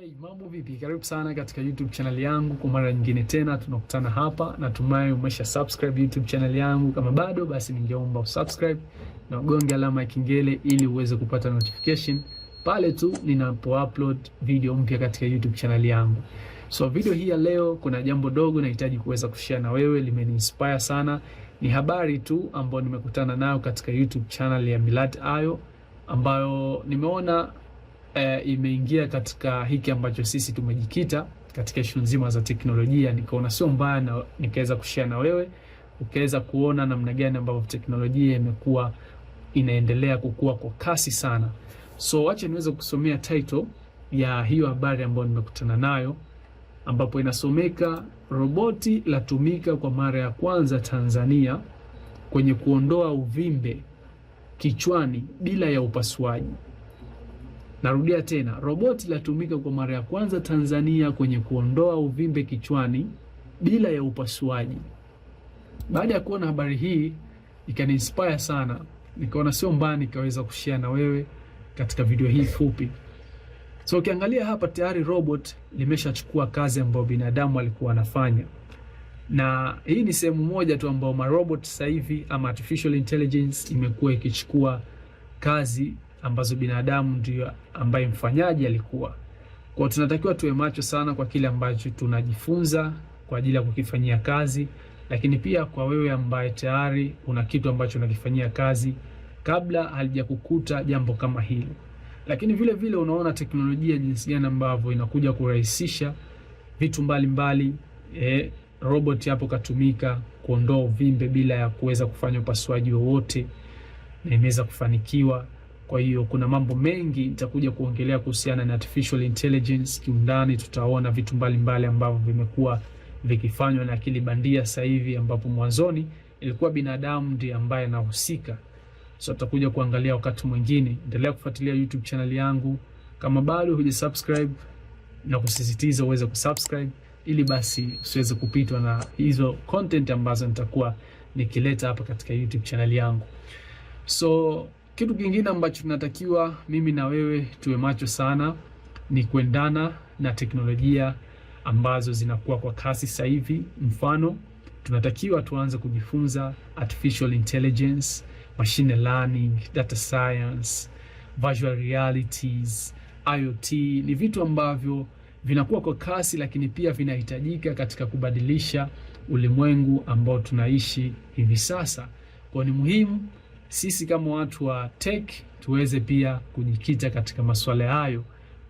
Hey, mambo vipi? Karibu sana katika YouTube channel yangu kwa mara nyingine tena tunakutana hapa. Natumai umesha subscribe YouTube channel yangu. Kama bado, basi ningeomba usubscribe na ugonge alama ya kengele ili uweze kupata notification pale tu ninapo-upload video mpya katika YouTube channel yangu. So video hii ya leo kuna jambo dogo nahitaji kuweza kushare na wewe, limeninspire sana. Ni habari tu ambayo nimekutana nayo katika YouTube channel ya Millard Ayo ambayo nimeona eh, imeingia katika hiki ambacho sisi tumejikita katika ishu nzima za teknolojia, nikaona sio mbaya na nikaweza kushare na wewe ukaweza kuona namna gani ambavyo teknolojia imekuwa inaendelea kukua kwa kasi sana. So acha niweze kusomea title ya hiyo habari ambayo nimekutana nayo ambapo inasomeka roboti latumika kwa mara ya kwanza Tanzania kwenye kuondoa uvimbe kichwani bila ya upasuaji. Narudia tena, roboti latumika kwa mara ya kwanza Tanzania kwenye kuondoa uvimbe kichwani bila ya upasuaji. Baada ya kuona habari hii ikaniinspire sana, nikaona sio mbaya nikaweza kushare na wewe katika video hii fupi. So ukiangalia hapa tayari robot limeshachukua kazi ambayo binadamu alikuwa anafanya, na hii ni sehemu moja tu ambayo marobot sasa hivi ama artificial intelligence imekuwa ikichukua kazi ambazo binadamu ndio ambaye mfanyaji alikuwa. Kwa tunatakiwa tuwe macho sana kwa kile ambacho tunajifunza kwa ajili ya kukifanyia kazi, lakini pia kwa wewe ambaye tayari una kitu ambacho unakifanyia kazi kabla halijakukuta jambo kama hilo. Lakini vile vile unaona teknolojia jinsi gani ambavyo inakuja kurahisisha vitu mbalimbali mbali, eh, robot hapo katumika kuondoa uvimbe bila ya kuweza kufanya upasuaji wowote na imeweza kufanikiwa. Kwa hiyo kuna mambo mengi nitakuja kuongelea kuhusiana na artificial intelligence kiundani. Tutaona vitu mbalimbali ambavyo vimekuwa vikifanywa na akili bandia sasa hivi, ambapo mwanzoni ilikuwa binadamu ndiye ambaye anahusika. So tutakuja kuangalia wakati mwingine. Endelea kufuatilia YouTube channel yangu, kama bado hujasubscribe, na kusisitiza uweze kusubscribe ili basi usiweze kupitwa na hizo content ambazo nitakuwa nikileta hapa katika YouTube channel yangu so kitu kingine ambacho tunatakiwa mimi na wewe tuwe macho sana ni kuendana na teknolojia ambazo zinakuwa kwa kasi sasa hivi. Mfano, tunatakiwa tuanze kujifunza artificial intelligence, machine learning, data science, virtual realities, IoT. Ni vitu ambavyo vinakuwa kwa kasi, lakini pia vinahitajika katika kubadilisha ulimwengu ambao tunaishi hivi sasa. Kwa ni muhimu sisi kama watu wa tech tuweze pia kujikita katika masuala hayo,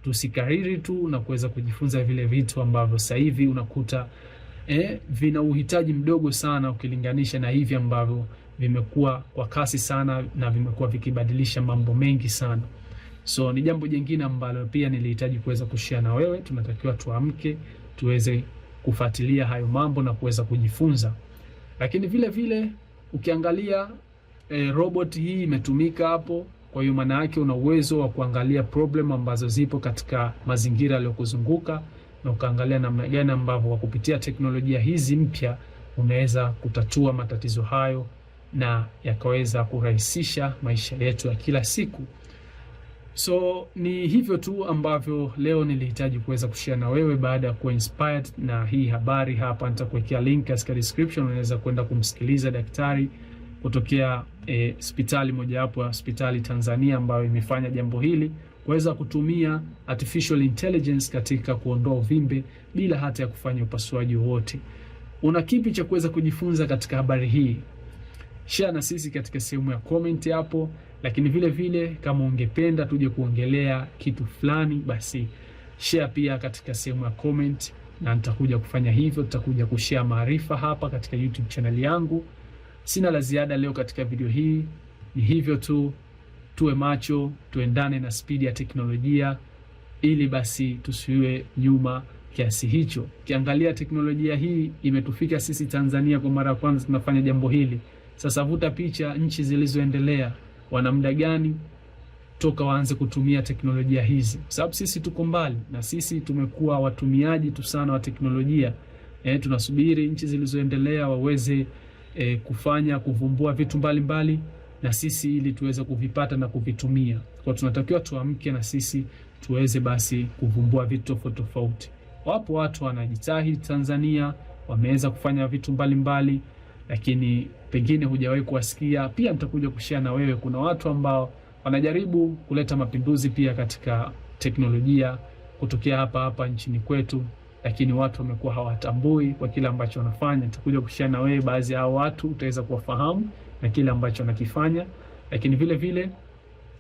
tusikariri tu na kuweza kujifunza vile vitu ambavyo sasa hivi unakuta eh, vina uhitaji mdogo sana ukilinganisha na hivi ambavyo vimekuwa kwa kasi sana na vimekuwa vikibadilisha mambo mengi sana. So ni jambo jingine ambalo pia nilihitaji kuweza kushia na wewe. Tunatakiwa tuamke tuweze kufuatilia hayo mambo na kuweza kujifunza, lakini vile vile ukiangalia e, robot hii imetumika hapo. Kwa hiyo maana yake una uwezo wa kuangalia problem ambazo zipo katika mazingira yaliyokuzunguka na ukaangalia namna gani ambavyo kwa kupitia teknolojia hizi mpya unaweza kutatua matatizo hayo na yakaweza kurahisisha maisha yetu ya kila siku. So ni hivyo tu ambavyo leo nilihitaji kuweza kushare na wewe baada ya kuwa inspired na hii habari hapa. Nitakuwekea link katika description, unaweza kwenda kumsikiliza daktari kutokea e, spitali mojawapo ya hospitali Tanzania ambayo imefanya jambo hili kuweza kutumia artificial intelligence katika kuondoa uvimbe bila hata ya kufanya upasuaji wowote. Una kipi cha kuweza kujifunza katika habari hii? Share na sisi katika sehemu ya comment hapo, lakini vile vile kama ungependa tuje kuongelea kitu fulani, basi share pia katika sehemu ya comment, na nitakuja kufanya hivyo. Tutakuja kushare maarifa hapa katika YouTube channel yangu. Sina la ziada leo katika video hii, ni hivyo tu. Tuwe macho, tuendane na spidi ya teknolojia, ili basi tusiwe nyuma kiasi hicho. Ukiangalia teknolojia hii imetufika sisi Tanzania, kwa mara ya kwanza tunafanya jambo hili. Sasa vuta picha nchi zilizoendelea, wana muda gani toka waanze kutumia teknolojia hizi? Sababu sisi tuko mbali na sisi tumekuwa watumiaji tu sana wa teknolojia. E, tunasubiri nchi zilizoendelea waweze e, kufanya kuvumbua vitu mbalimbali mbali, na sisi ili tuweze kuvipata na kuvitumia. Kwa tunatakiwa tuamke na sisi tuweze basi kuvumbua vitu tofauti tofauti. Wapo watu wanajitahidi Tanzania, wameweza kufanya vitu mbalimbali mbali, lakini pengine hujawahi kuwasikia. Pia nitakuja kushare na wewe, kuna watu ambao wanajaribu kuleta mapinduzi pia katika teknolojia kutokea hapa hapa nchini kwetu lakini watu wamekuwa hawatambui kwa kile ambacho wanafanya. Nitakuja kushia na wewe baadhi ya watu, utaweza kuwafahamu na kile ambacho wanakifanya. Lakini vile vile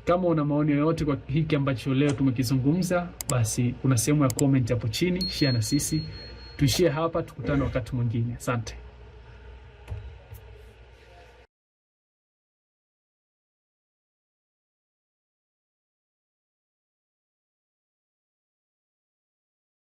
kama una maoni yoyote kwa hiki ambacho leo tumekizungumza, basi kuna sehemu ya comment hapo chini, share na sisi. Tuishie hapa, tukutane wakati mwingine. Asante.